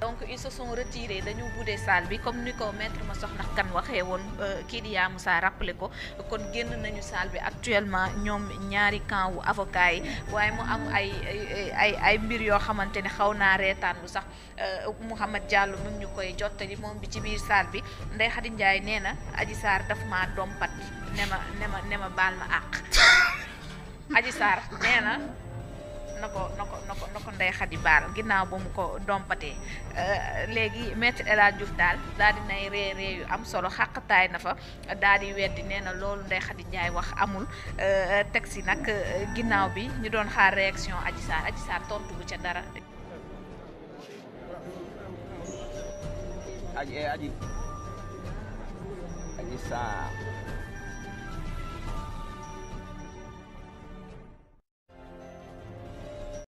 donc ils se sont retirés dañu budee salle bi comme ni ko maître Massokhna Kane waxee woon euh, kii di Yaa Moussa rappelé ko kon génn nañu saal bi actuellement ñoom ñaari camp wu avocat yi waaye mu am ay ay mbir yoo xamante ne xaw naa reetaan lu sax euh, Mouhamed Diallo mu ñu koy jottali moom bi ci biir saal bi Ndeye Khady Ndiaye nee na Adji Sarr daf dompat ne ma ne ma baal ma àq Adji Sarr nee na ko na ko na ko na ko ndey xadi baal ginnaaw ba mu ko dompatee euh, léegi maître El Hadj Diouf daal daal dinay ree ree yu am solo xàqtaay na fa daal di weddi nee na loolu ndey xadi njaay wax amul euh, teg si nag ginnaaw bi ñu doon xaar réaction Adji Sarr Adji ca dara Adji eh, Adji